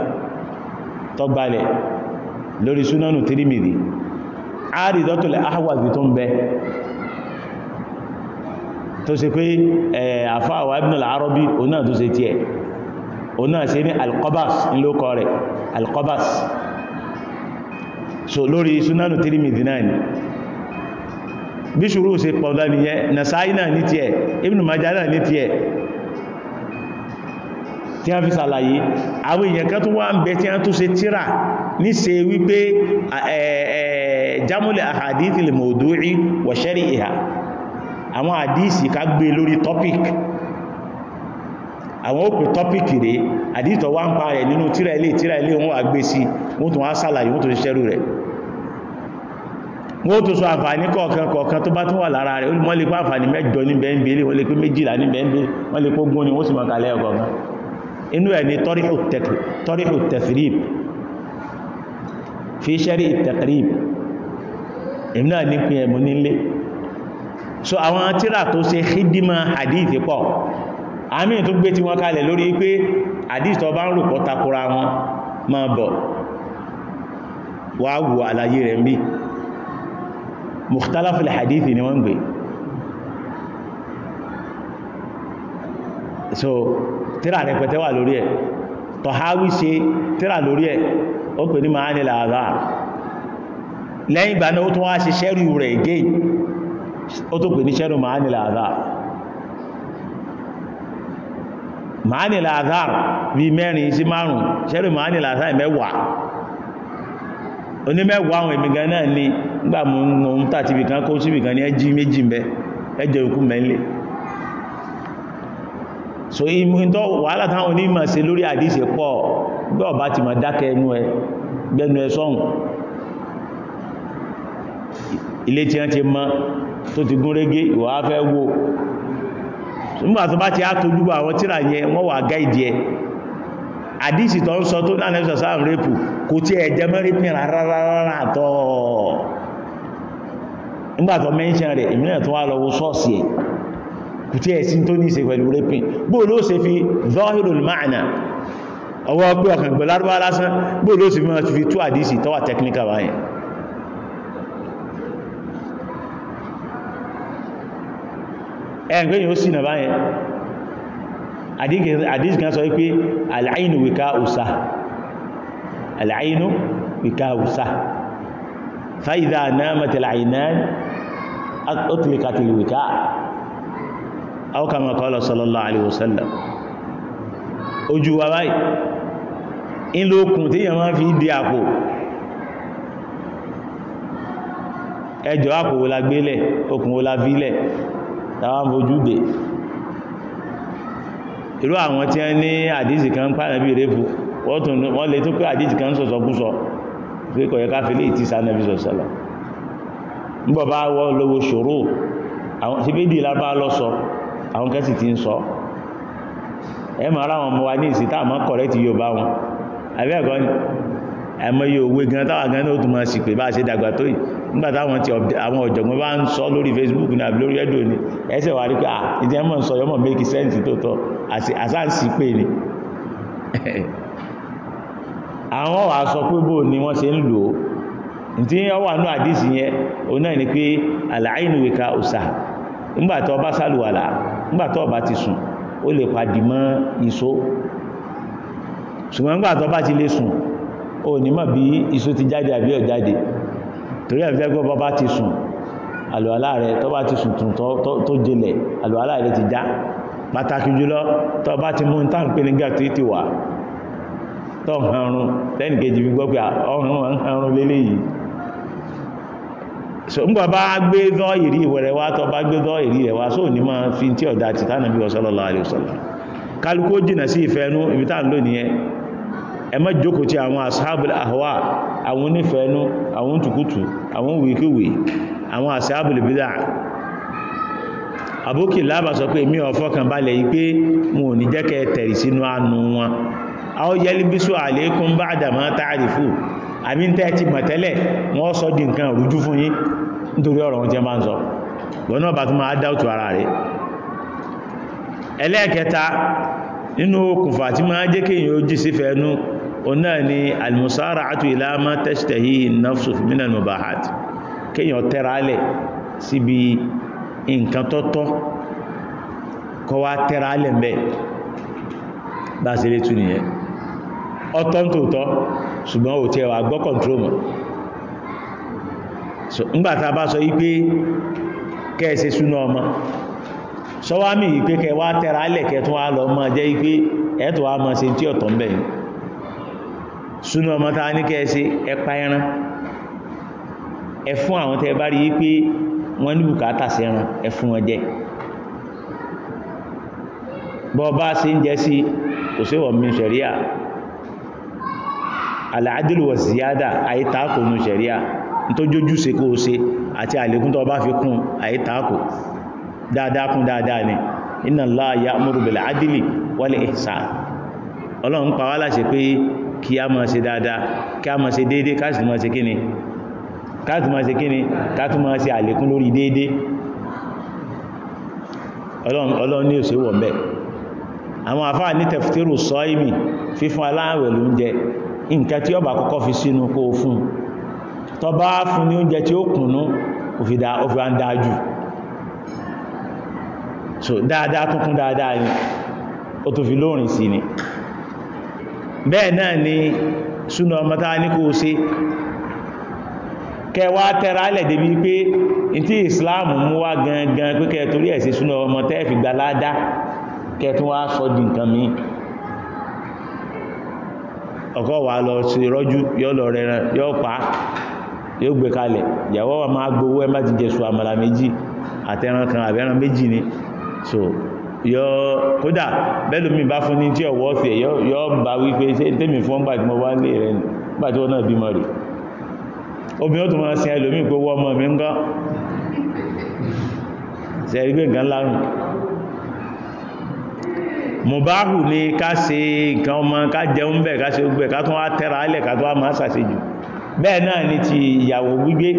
tó gbalẹ̀ lórí súnánù Tirmidhi Aridatul Ahwazi tó ń tó ṣe pé àfáàwà Ibn al-Arabi òun náà tó ṣe tiẹ̀ òun náà ṣe ní al-Qabas ńlókọ rẹ̀ al-Qabas so lórí sunanu Tirmidhi náà ni bí ṣúrú ṣe pọ̀lá nìyẹn Nasa'i náà ní tiẹ̀ Ibn Majah náà ní tiẹ̀ tí a fi sàlàyé àwọn èèyàn kan tó wá ń bẹ tí a tó ṣe tíra ní ṣe wípé jamul ahadith al-mawdu'i wa shar'iha àwọn àdíìsì ká gbé lórí topic àwọn òpè topic rẹ̀ àdíìtọ̀ wá ń pa rẹ̀ nínú tíra ilé tíra ilé wọn àgbé sí wọ́n tún wá sàlàyé wọ́n tún ṣiṣẹ́ rú rẹ̀ wọ́n tún sọ àǹfààní kọ̀ọ̀kan kọ̀ọ̀kan tó bá tún wà lára rẹ̀ wọ́n lè pé àǹfààní mẹ́jọ ní bẹ́ẹ̀nbẹ́lé wọ́n lè pé méjìlá ní bẹ́ẹ̀nbẹ́lé wọ́n lè pé ni wọ́n sì mọ̀ kalẹ̀ ọ̀kọ̀ọ̀kan inú ẹ̀ ni tọ́ríhù tẹ̀sírìb fi ṣẹ́rí tẹ̀kírìb ní pin ẹ̀mú nílé so àwọn tíra tó ṣe hídímà hadithi pọ̀ àmì tó gbé tí wọ́n kalẹ̀ lórí pé hadith tó bá ń rùpọ̀ takora wọn ma bọ̀ wà wù àlàyé rẹ̀ bí mukhtalafil hadithi ni wọ́n gbé so tíra rẹpẹtẹ wà lórí ẹ̀ tọ̀háwí ṣe tíra lórí ẹ̀ ó pè ní ma á nílà àzá lẹ́yìn ìgbà náà ó tún wá ṣe ṣẹ́rù rẹ̀ again ó tó pè ní ṣẹ́rù ma'ánil azar ma'ánil azar bí mẹ́rin sí márùn ṣẹ́rù ma'ánil azar mẹ́wàá onímẹ́wàá àwọn èmì gan náà ni nígbà mú ohun tàti bì kan kó síbì kan ní ẹjí méjì mẹ́ ẹjọ ikú mẹ́lẹ̀ so ìmúhintọ́ wàhálà táwọn onímọ̀ ṣe lórí àdíṣe pọ̀ ti mọ̀ dákẹ́ ẹnu ẹ ẹ ilé tí wọ́n ti tó ti gún régé ìwà á fẹ́ wò bá ti á tójú bá àwọn tíra yẹn wọ́n wà gáìdì ẹ àdísì tó ń sọ tó náà lẹ́sọ̀ sáà rẹ́pù kò tí ẹ̀jẹ̀ mẹ́rìnpín rárá tọ́ nígbà tó mẹ́ńṣẹ́ rẹ̀ ìmìnà tó wà lọ́wọ́ sọ́ọ̀sì ẹ̀ kò tí ẹ̀sìn tó ní pẹ̀lú rẹ́pìn ẹ̀rìn yóò sì nàbá yẹn àdíjì kan sọ wípé àlàáyínú wíká òsà àlàáyínú wíká òsà fáìdà náà mẹ́tẹ̀láyìnà ọtùlẹ̀kàtìlẹ̀ wíká àwọ́kàmọ̀kọ́lọ̀ sallallahu alaihi wasallam ojú wa báyìí ìlò okùn tí yẹn máa fi ẹjọ́ àpò la gbélẹ̀ okùn la fílẹ̀ tàwà ń fojú dè irú àwọn tí wọ́n ní àdíjì kan pàdàbí rẹ́bù wọ́n lè tó pé àdíjì kan sọ̀sọ̀kúsọ pé kọ̀yẹ ká fílé ìtì sánàbí sọ̀sọ̀lọ̀ nígbọ̀ bá wọ́ lówó ṣòro ṣe bí dì lábá lọ́sọ àwọn kẹ́sì ti ń sọ ẹ mọ̀ ara wọn mọ̀ wá ní ìsìtá àmọ́ kọ̀rẹ́tì yóò bá wọn àbẹ́ ẹ̀kọ́ ni ẹ̀mọ́ yóò wé gan táwà gan ní ó tún máa sì pé bá ṣe nígbàtà àwọn tí àwọn ọ̀jọ̀gbọ́n bá ń sọ lórí facebook ní àbí lórí ẹ̀dùn ní ẹsẹ̀ wà rí pé à ìdí ẹmọ̀ sọ yọmọ̀ make sense tó tọ́ àsáǹsì pé ni [laughs] àwọn wà sọ pé bò ní wọ́n ṣe ń lò ó tí wọ́n wà ní àdísì yẹn òun náà ni pé àlàáìnù wíka òsà nígbàtà ọba sálùwàlà nígbàtà ọba ti sùn ó lè padì mọ́ ìṣó ṣùgbọ́n nígbàtà ọba ti lè sùn ó ní mọ̀ bí ìṣó ti jáde àbí jáde torí ẹ̀fí jẹ́ pé bọ́bá ti sùn àlùwàlá rẹ̀ tó bá ti sùn tó jẹlẹ̀ àlùwàlá rẹ̀ ti já pàtàkì jùlọ tó bá ti mú ìtàn pé nígbà tí ti wà tó hanrun lẹ́nì kejì fi gbọ́ pé ọrùn hanrun lélẹ̀ so ń bọ̀ bá gbé dọ́ ìrí ìwẹ̀rẹ̀ wá tó bá gbé dọ́ ìrí rẹ̀ wá ẹ má jókòó ti àwọn asáàbùl àhọ́wà àwọn onífẹ̀ẹ́nú àwọn tùkútù àwọn wìkíwì àwọn asáàbùl bídà àbókì lábà sọ pé mi ọ̀fọ́kàn balẹ̀ yìí pé wọn ò ní jẹ́kẹ́ tẹ̀rì sínú àánú wọn so yẹlibísù àlékún bá àdàmọ́ táàrífù àmì tẹ́ ti mọ̀ tẹ́lẹ̀ wọ́n sọ di nǹkan rújú fún yín nítorí ọ̀rọ̀ wọn jẹ́ máa ń sọ wọn náà bá tún máa dáùtù ara rẹ̀ ẹlẹ́ẹ̀kẹta nínú okùnfà tí máa jẹ́ kéèyàn ó òun náà ni al-musara'atu ila ma tashtahi an-nafsu min al-mubahat kéèyàn tẹ́ralẹ̀ síbi nǹkan tọ́tọ́ kọ́ wá tẹ́ralẹ̀ mẹ́ bá ṣe lé tún nìyẹn ọtọ́ ń tòótọ́ ṣùgbọ́n ò tí ẹwà gbọ́ kọ̀ntró mọ̀ ńgbàtà bá sọ wípé kẹ́ẹ̀ṣe súná ọmọ sọwámì wípé kẹ́ tẹ́ralẹ̀ kẹ́ wá lọ mọ́ jẹ́ wípé ẹ̀ẹ́tọ̀ wá mọ́ ṣe tí ọ̀tọ̀ ń súnú ọmọ tàà ní ẹpa ẹran ẹ àwọn tẹ́ bá rí pé wọ́n ní bùkátà sí ẹran ẹ wọn jẹ bọ́ bá sí ń sí kò sí mi ṣẹ̀ríà àlàájúlù wọ̀ síyádà àyítáàkò nù ṣẹ̀ríà tó jójú se kó se àti àlékún tó bá fi kún àyítáàkò dáadáa kún dáadáa ni ọlọ́run pa wá láṣẹ pé kí a máa ṣe dáadáa kí a máa ṣe déédé káàsì máa ṣe kíni káàsì máa ṣe kíni káàtù máa ṣe àlékún lórí déédé ọlọ́run ní òṣèwọ̀ mẹ́ àwọn àfáà ní tẹ̀fùtírù sọ ìmì fífún aláàwẹ̀ lóúnjẹ nǹkan tí ọba kọ́kọ́ fi sínú kó fún tó bá fún ní oúnjẹ tí ó kùnú òfìdá òfìdá ń dájú so dáadáa tún kún dáadáa ni ó tó fi lóòrìn sí ni bẹ́ẹ̀ náà ni súnà ọmọ táa ní kó o ṣe kẹwa tẹ́ra alẹ̀ débi pé tí islam mú wá gangan pé kẹ torí ẹ̀ sí súnà ọmọ tẹ́ẹ̀fì gbalada kẹ tún wá sọ di nǹkan mi ọkọ̀ wà lọ sí rọ́jú yọ́ lọ rẹran yọ́ pa yóò gbé kalẹ̀ ìyàwó wa máa gbowó ẹ má ti jẹ sùn àmàlà méjì àtẹran kan àbẹ́ran méjì ni so yọ kódà bẹ́lùmí bá fún ní tí ọ̀wọ́ sí ẹ̀ yọ bá wípé ṣe tèmi fún ọgbà tí mo wá lè rẹ̀ nígbà tí wọ́n náà bímọ rẹ̀ omi ó tún máa sin ẹlòmí pé wọ́n ọmọ mi ń gán ṣe rí pé nǹkan lárùn mùbáhù ni ká ṣe nǹkan ọmọ ká jẹun bẹ́ẹ̀ ká ṣe gbẹ̀ ká tún wá tẹ́ra alẹ̀ ká tún wá máa ṣàṣejù bẹ́ẹ̀ náà ni ti ìyàwó gbígbé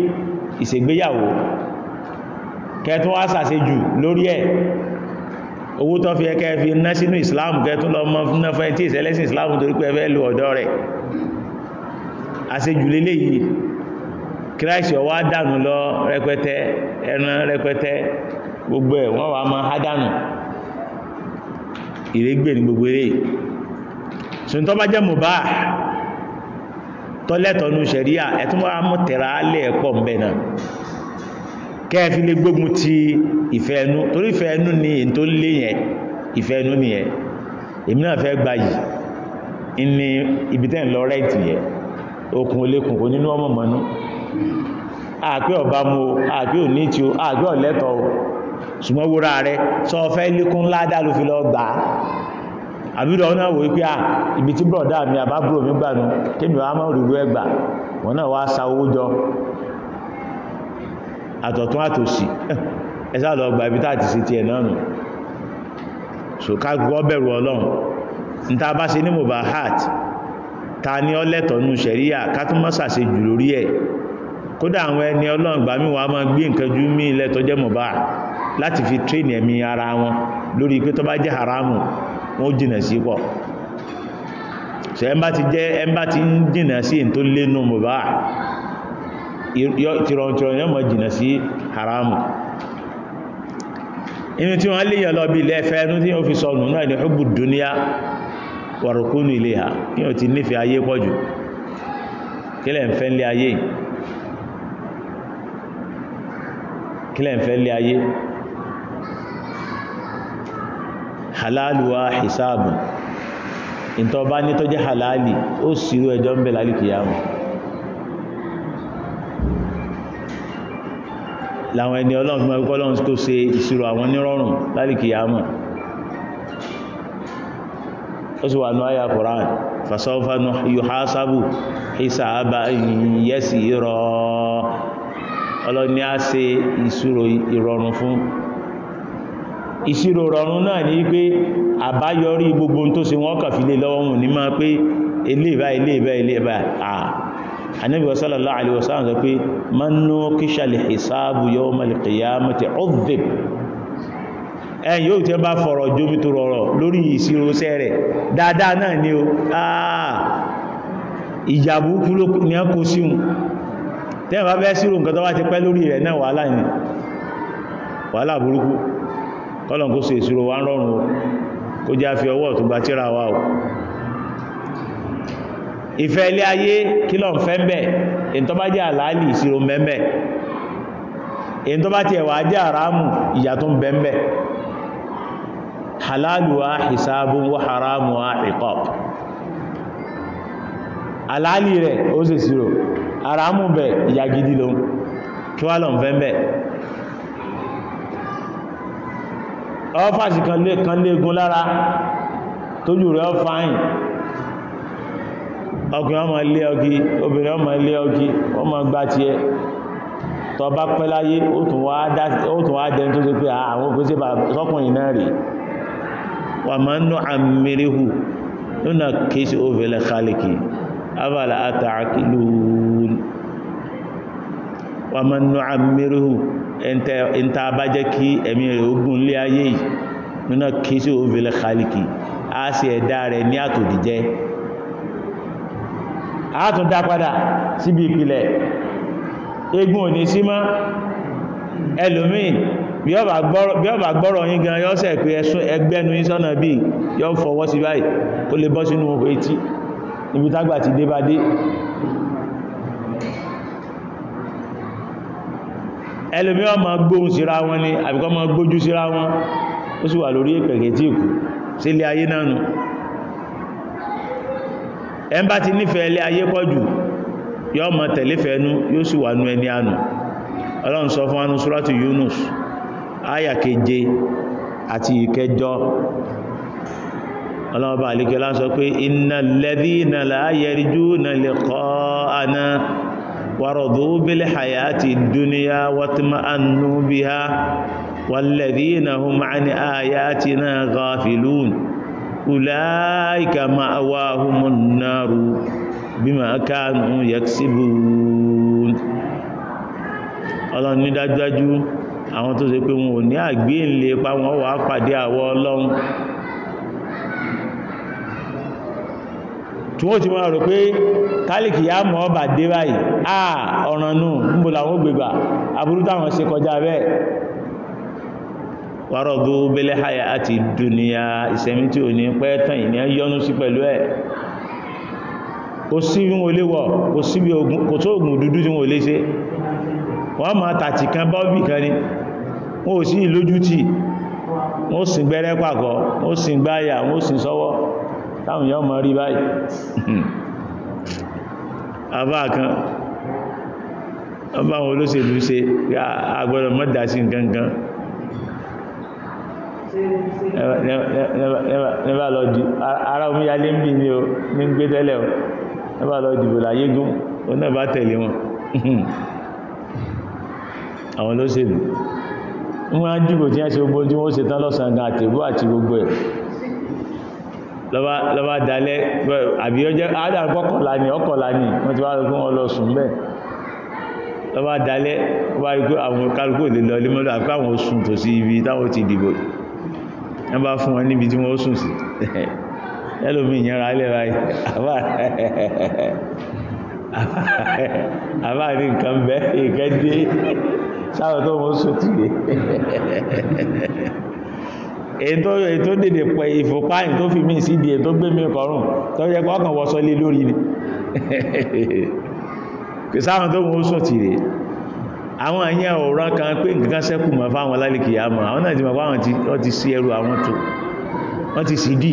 ìṣègbéyàwó kẹtún wá ṣàṣejù lórí ẹ̀ owó tó fi ẹkẹ́ fi ná sínú islam kẹtún lọ mọ́ fún náà tí ebe islam torí pé ẹfẹ́ lo ọ̀dọ́ rẹ̀ àṣejùlélé yìí lọ rẹpẹtẹ ẹran rẹpẹtẹ gbogbo ẹ̀ wọ́n wà máa hádànù ìrégbè ní gbogbo eré bá jẹ́ mọ̀bá mbẹ̀ kẹ́ẹ̀fí lè gbógun ti ìfẹ́ ẹnu torí ìfẹ́ ni èyí tó lé yẹn ìfẹ́ ẹnu nìyẹn èmi náà fẹ́ gba yìí ní ibi tẹ́ ń lọ rẹ́ẹ̀tì yẹn okùn olékùn kò nínú ọmọ mọ́nú àpé ọba mu àpé òní tí ó àpé ọ̀lẹ́tọ̀ o ṣùgbọ́n wúra rẹ sọ fẹ́ lékún ládá ló fi lọ gbà á àbúrò náà wò pé à ibi tí bọ̀dá mi àbábúrò mi gbà nù kémi wàá má rúgbó ẹgbà wọn náà wá sa owó jọ àtọ̀tún àtòsì ẹsà lọ gba ibi táà ti sí ti ẹ̀ náà nù so ká gbọ́ bẹ̀rù ọlọ́run níta bá ṣe ní mubahat ta ni ọ lẹ́tọ̀ọ́ nù ṣẹ̀ríyà ká tún mọ́ ṣàṣe jù lórí ẹ̀ kódà àwọn ẹni ọlọ́run gbà mí wàá máa gbé nǹkan ju mí lẹ́tọ̀ọ́ jẹ́ mubah láti fi tírèèni ẹ̀mí ara wọn lórí pé tó bá jẹ́ haramu wọ́n jìnà sí pọ̀ so ẹmbá ti jẹ́ ẹmbá ti ń jìnà sí èyí tó lé nù mubah tìrọ̀ntìrọ̀ yọ́ mọ̀ jìnà sí haramu inú tí wọ́n lè yẹ lọ bí ilẹ̀ ẹ̀fẹ́ ẹnu tí wọ́n fi sọnù náà ni hubbu dunya wàrùkúnù ilé ha kí wọ́n ti nífẹ̀ẹ́ ayé pọ̀jù kílẹ̀ ń fẹ́ ń lé ayé láwọn ẹni ọlọ́run mọ́ ọlọ́run tó ṣe ìṣirò àwọn nírọ̀rùn lálìkì yàmọ̀ ó sì wà ní àyà Qur'an fasawfa yuhasabu hisaba yasira ọlọ́run ni a ṣe ìṣirò ìrọ̀rùn fún ìṣirò rọrùn náà ní pé àbáyọrí gbogbo tó ṣe wọ́n kàfilé lọ́wọ́ wọn ní máa pé ilé ìbá ilé ìbá ilé ìbá anábíwá sallallahu alaihi wasallam sọ pé mannú kíṣà lè hisabu yawmal qiyamati udhib ẹn yóò tẹ́ bá fọ̀rọ̀ jómi tó rọrọ̀ lórí ìṣirò iṣẹ́ rẹ̀ dáadáa náà ni o ah! ìjàbú kúrò ní ẹkù síun tẹ́yìn bá bẹ́ sírò nǹkan tó wá ti pẹ́ lórí rẹ̀ náà wàhálà ní wàhálà burúkú kọ́lọ̀ kó so ìṣirò wa ń rọrùn o kó jẹ́ àfi ọwọ́ ọ̀tún gbatíra wa o ìfẹ́ ilé ayé kí lọ fẹ́ mẹ́ ìntọ́bájẹ́ àlàálì ìṣirò mẹ́mẹ́ ìntọ́bájẹ́ ẹ̀wà ajé àràámù halaluwa hisabu wa haramu wa ikop alali re o se siro aramu be ya gidi lo ki kan le lara to ju re o ọkùnrin ọmọ ilé ọgí obìnrin ọmọ ilé ọgí wọ́n mọ̀ gbá ti ẹ tó bá pẹ́ láyé ó tún wá dẹni tó ṣe pé àwọn òpin sí sọ́kùnrin náà rí wà máa nù àmìrìhù nínà kéṣe òfèlè kálíkì abàlà àtàkìlú wà máa nù sì ẹ̀dá rẹ̀ ní àtòdìjẹ́ àátún dá padà síbi ìpìlẹ̀ egun ò ní sí mọ́ ẹlòmíì bí ọba gbọ́rọ̀ yín gan yọ́ sẹ̀ pé ẹgbẹ́nu yín sọ́nà bí yọ́ fọwọ́ sí báyìí tó lè bọ́ sínú ohun etí ibi tágbà ti dé bá dé ẹlòmíì ọmọ gbóhùn síra wọn ni àbíkọ́ mọ́ gbójú síra wọn ó sì wà lórí ìpẹ̀kẹ̀ tí èkù sílé ayé náà nù ẹn bá ti nífẹ̀ẹ́ ilé ayé pọ̀jù yọ́ mọ̀ tẹ̀léfẹ̀ẹ́nú yóò sì wà nú ẹni ànù ọlọ́run sọ fún anú súrátù Yunus áyà keje àti ìkẹjọ ọlọ́run bá àlíkẹ́ lá sọ pé innal ladhina la yarjuna liqa'ana waradu bil hayati dunya watma'annu biha wal ladhina hum 'an ayatina ghafilun ulaika ma'awahumun naru bima kanu yaksibun ọlọ́run ní dájúdájú àwọn tó ṣe pé wọn ò ní àgbé ńlẹ̀ pa wọn wà pàdé àwọ ọlọ́run tí wọ́n ti máa rò pé kálìkì yá mọ́ bà dé báyìí àà ọ̀ràn ń bò làwọn gbègbà aburú táwọn ṣe kọjá bẹ́ẹ̀ wárọ̀gbó bẹ́lẹ̀ háyà àti dùnìyà ìsẹ̀mí tí ò ní pẹ́ tàn ìní yọnú sí pẹ̀lú ẹ̀ kò sí bí wọ́n lè wọ̀ kò sí bí ogun kò tó ogun dúdú tí wọ́n lè ṣe wọ́n máa tàtì kan bọ́ọ̀bì kan ni wọ́n ò sí ìlójú tì wọ́n sì gbẹ́rẹ́ pàkọ́ wọ́n sì gbáyà wọ́n sì sọ́wọ́ táwọn yọ́ mọ̀ rí báyìí [laughs] àbá kan ọba àwọn olóṣèlú ṣe agbọ́dọ̀ mọ́dá nǹkan kan nẹ́bà lọ dì ara omi yalé ń bí ní o ní ń gbé tẹ́lẹ̀ o nẹ́bà lọ dìbò láyé gún o náà bá tẹ̀lé wọn [laughs] àwọn olóṣèlú wọ́n á dìbò tí wọ́n ṣe gbogbo tí wọ́n ṣe tán lọ́sàn-án gan àtẹ̀bú àti gbogbo ẹ̀ lọ́wọ́ dalẹ́ àbí ọjọ́ àádọ́rùn ọkọ̀lá ni ọkọ̀lá ni wọ́n ti wá lọ fún ọlọ sùn bẹ́ẹ̀ lọ́wọ́ dalẹ́ wọ́n bá rí pé àwọn kálukú lè lọ lé mọ́lá àpá àwọn oṣù tòsí ibi táwọn ti dìbò wọ́n bá fún wọn níbi tí wọ́n sùn sí ẹlòmí ìyẹnra ilẹ̀ báyìí àbá ní nǹkan bẹ́ ìkẹ́ dé sáwọn tó wọ́n sùn ti lè ètò dèdè pẹ̀ ìfòpá tó fi mí sídìí ètò gbé mi kọrùn tó yẹ pé ọkàn wọ́sọ lé lórí ni kì sáwọn tó wọ́n sùn ti lè àwọn àyẹ́ ọ̀rọ̀ kan pé nǹkan sẹ́kù mọ̀ fáwọn lálìkì àwọn náà ti mọ̀ ti sí ẹrù àwọn tó wọ́n ti sì dì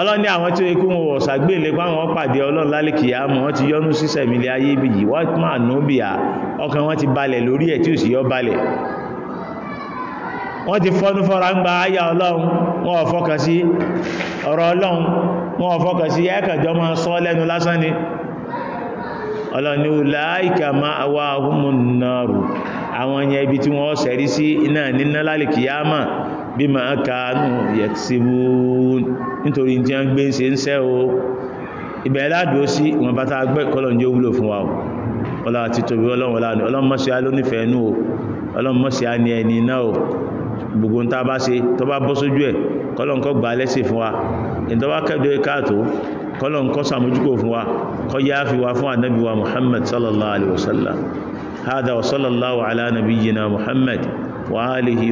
ọlọ́ni àwọn tí ó ikú wọn wọ̀sà gbé àwọn pàdé ọlọ́run yọ́nú ayé yìí wọ́n máa ọkàn wọn ti balẹ̀ lórí ẹ̀ tí yọ́ balẹ̀ wọ́n ti fọ́nú fọ́ra ń gba ọlọ́ni láìka ma àwọ ahúnmùnàrù àwọn yẹn ibi tí wọ́n sẹ̀rí sí iná níná lálìkìyàmà bí ma ń kàánù yẹ̀tìsíwú nítorí tí wọ́n gbé ṣe ń sẹ́ o ibẹ̀ ládùó sí wọn bá tàà gbẹ́ kọlọ̀ ní ó gbogbo ń tá bá ṣe tó bá bọ́ sójú ẹ̀ kọ́lọ̀nkọ́ gbà lẹ́sẹ̀ fún wa ìtọ́wà kẹ́dọ̀ káàtó kọ́lọ̀nkọ́ sàmójúkò fún wa kọ́ yá fi wa fún ànábì wa muhammad sallallahu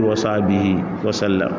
alaihi wasallam